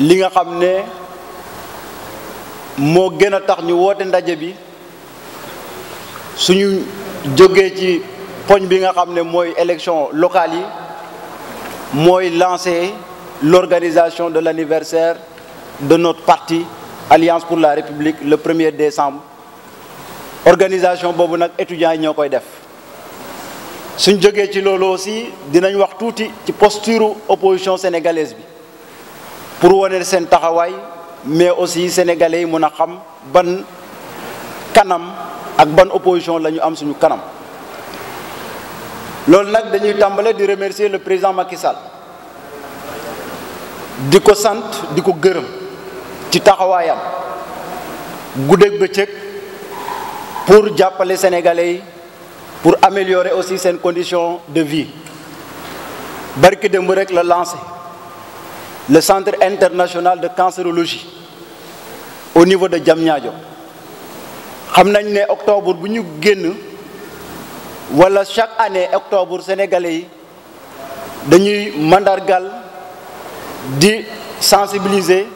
li nga xamné mo gëna a tax ñu woté ndaje bi suñu joggé ci poñ bi nga xamné moy élection locale yi lancer l'organisation de l'anniversaire de notre parti Alliance pour la République le 1er décembre organisation bobu nak étudiants ñokoy def suñ nous ci lolo aussi dinañ wax touti ci posture opposition sénégalaise pour honorer seen taxawaay mais aussi sénégalais mon mun ban kanam ak ban opposition la am suñu kanam loolu nag dañuy tàmbale di remercier le président Macky Sall du consent sant coup gérer, gërëm ci taxawaayam guddeeg pour jàppale sénégalais pour améliorer aussi ses conditions de vie barki de rek la lancé le Centre international de cancérologie au niveau de Diamniadio xam nañ octobre bu ñu génn ou chaque année octobre sénégalais yi dañuy mandargal de sensibiliser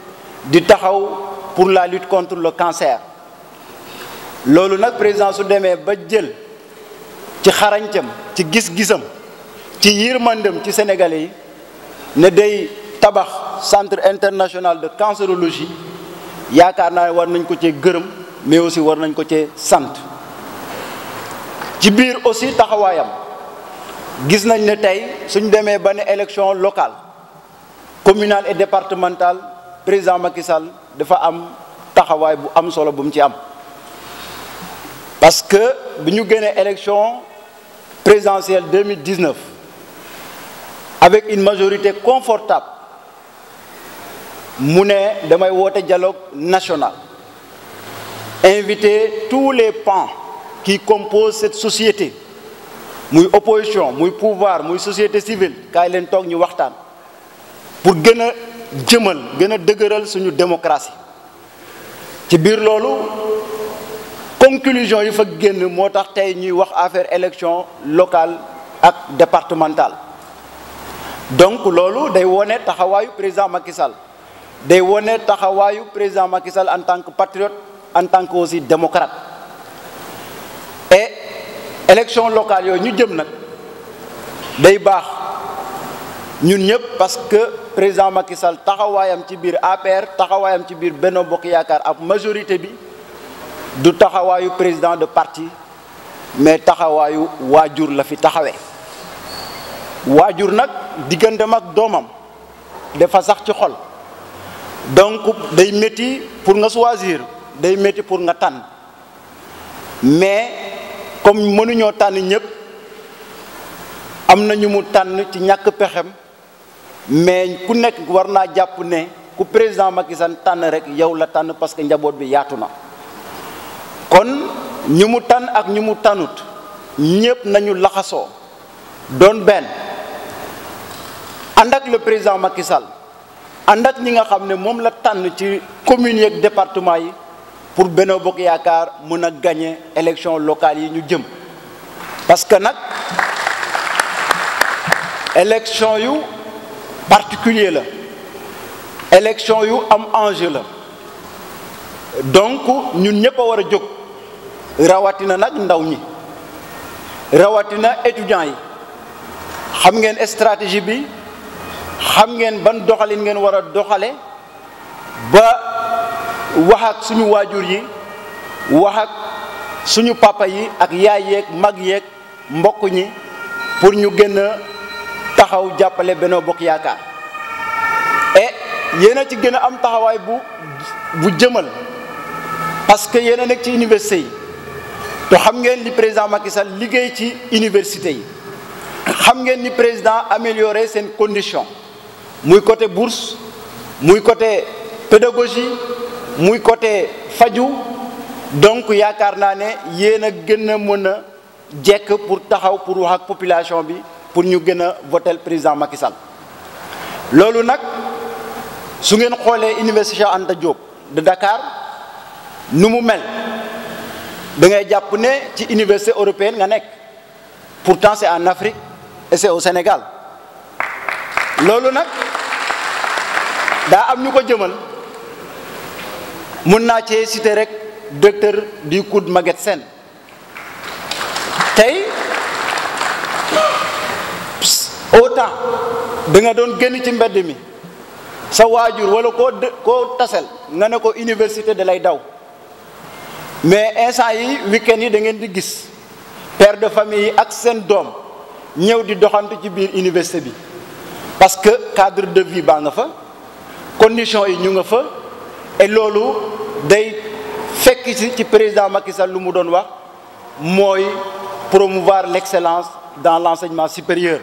di taxaw pour la lutte contre le cancer loolu nak président su démé ba jël ci xarañcam ci gis-gisam ci yërmandam ci sénégalais yi ne day tabax centre international de cancérologie il y a war nañ ko cee gërëm mais aussi war nañ ko cee sant ci biir aussi taxawaayam gis nañ ne tey suñ demee ba élection locale communale et départementale président Macky Sall dafa am taxawaay bu am solo bu mu ci am parce que nous ñu génnee élection présidentielle 2019 avec une majorité confortable mune de damay woote dialogue national inviter tous les pans qui composent cette société muy opposition muy pouvoir muy société civile kaay leen toog ñu pour gën a jëmal gën a démocratie ci biir conclusion yi fa génn moo tax tey ñuy wax élection locale ak départementale donc loolu day wone taxawaayu président Macky Sall des wone le président Macky Sall en tant que patriote en tant que démocrate et élection locale yo ñu jëm parce que président Macky Sall taxawayam ci APR taxawayam ci bir Benno Bokk majorité bi du président de parti mais taxawaayu wajur la fi taxawé donc day métti pour nga choisir day métti pour nga tànn mais comme mënuñoo tànn ñëpp am na ñu mu tànn ci ñàkk pexem mais ku nekk war naa jàpp ne ku président Macky Sall tànn rek yow la tànn parce que njaboot bi yaatu na kon ñu mu tànn ak ñu mu tànnut ñëpp nañu laxasoo doon benn ànd ak le président Macky Sall ànd ak ñi nga xam ne moom la tànn ci commune yeeg département yi pour Benno Bokk Yaakaar mën a gagner élection locale yi ñu jëm parce que nag élection yu particulier la élection yu am enjeu la donc ñun ñëpp a war a jóg rawatina nag ndaw ñi rawatina étudiant yi xam ngeen stratégie bi xam ngeen ban doxalin ngeen war a doxale ba wax suñu waajur yi wax suñu papa yi ak yaay yéeg mag yéeg mbokk ñi pour ñu gën a taxaw jàppale Benno Bokk Yaakaar e yéen a ci gën a am taxawaay bu bu jëmal parce que yéen a nekk ci université yi te xam ngeen li président Macky Sall liggéey ci université yi xam ngeen ni président amélioré seen condition muy côté bourse muy côté pédagogie muy côté faju donc il y a des pour taxaw pour wax population bi pour ñu gëna voter président Macky Sall lolu Si su ngeen xolé université de Dakar nous mu mel da ngay japp né ci université européenne nga nek pourtant c'est en Afrique et c'est au Sénégal lolu nak daa am ñu ko jëmal mun naa cee citer rek docteur di COUD Maguette Sène tey autant da nga doon génn ci mbedd mi sa waajur wala koo koo tasel nga ne ko université da lay daw mais instant yi week yi da ngeen di gis per de famille yi ak seen doom ñëw di doxantu ci biir université bi parce que cadre de vie baa nga fa condition yi ñu nga fa et loolu day fekk ci ci président Macky Sall lu mu doon wax promouvoir l'excellence dans l'enseignement supérieur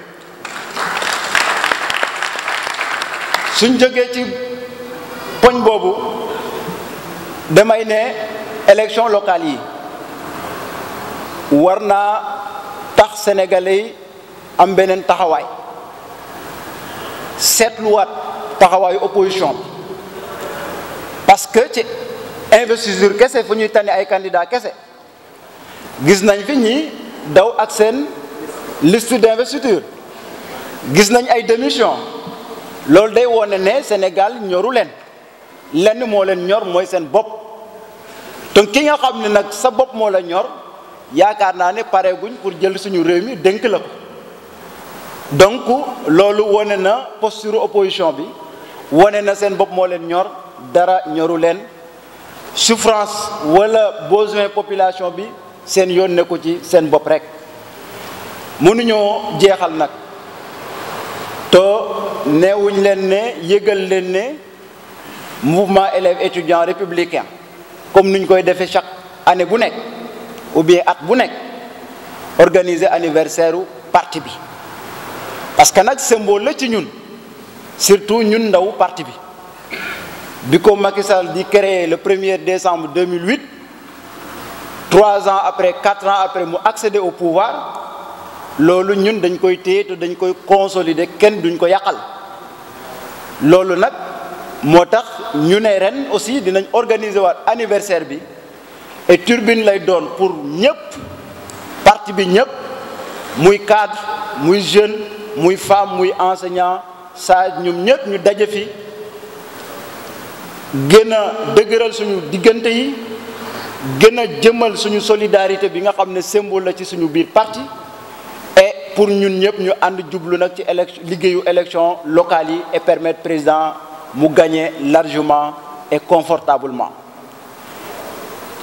suñ jógee ci poñ boobu damay ne élection locale yi war naa tax sénégalais yi am beneen taxawaay seetluwaat taxawaayu opposition parce que ci investiture kese fu ñuy tànni ay candidat qu'est-ce nañ fi ñi daw ak seen liste d'investiture gis nañ ay démission loolu day wone né Sénégal ñoru leen lenn moo leen ñor mooy seen bopp te ki nga xam ne sa bop moo la ñor yaakaar naa ne pare guñ pour jël suñu réew mi dénk la ko donc loolu wone na posture opposition bi wane na seen bopp moo ñor dara ñoru souffrance wala besoin population bi seen yoon ne ko ci seen rek ne mouvement élève étudiant républicain comme nous koy defee chaque année ou bien at bu organiser anniversaire parti bi parce que nag symbole la ci ñun surtout ñun ndaw parti bi je makissal Macky le 1er décembre 2008 trois ans après quatre ans après mu accéder au pouvoir Nous, ñun dañ koy téye te dañ koy consolider l'anniversaire duñ ko ñu aussi dinañ organiser anniversaire bi et turbine lay doon pour ñëpp parti bi les muy cadre muy jeune muy femme muy enseignant sa ñum ñëpp ñu daje fi gën a suñu diggante yi suñu solidarité bi nga xamné symbole la ci suñu parti et pour ñun ñëpp ñu and jublu nak ci élection élection locale yi et permettre président mu gagner largement et confortablement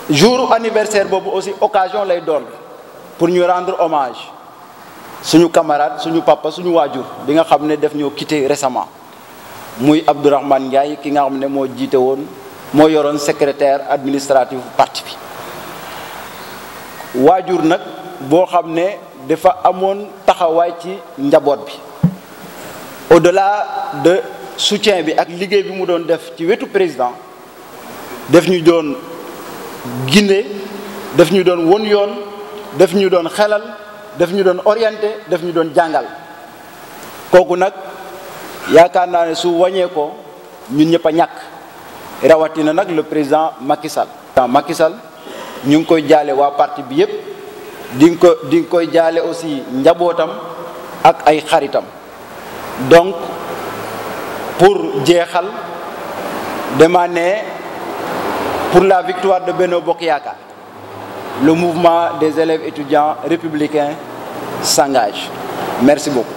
jour anniversaire bobu aussi occasion lay doon pour ñu rendre hommage suñu camarade suñu papa suñu waajur bi nga xam ne def ñoo quitté récemment muy Abdourahmane Ndiaye ki nga xam ne moo jiite woon moo yoroon secrétaire administratif parti bi waajur nag boo xam ne dafa amoon taxawaay ci njaboot bi au-delà de soutien bi ak liggéey bi mu doon def ci wetu président def ñu doon ginde daf ñu doon won yoon def ñu doon xelal daf ñu doon orienté daf ñu doon jàngal kooku nag yaakaar naa ne su wañee ko ñun ñëpp a ñàkk rawatina nag le président Macky Sall. Macky ñu ngi koy jaale waa parti bi yëpp di nga ko di koy jaale aussi njabootam ak ay xaritam donc pour jeexal dama ne pour la victoire de beno Bokk le mouvement des élèves étudiants républicains s'engage. Merci beaucoup.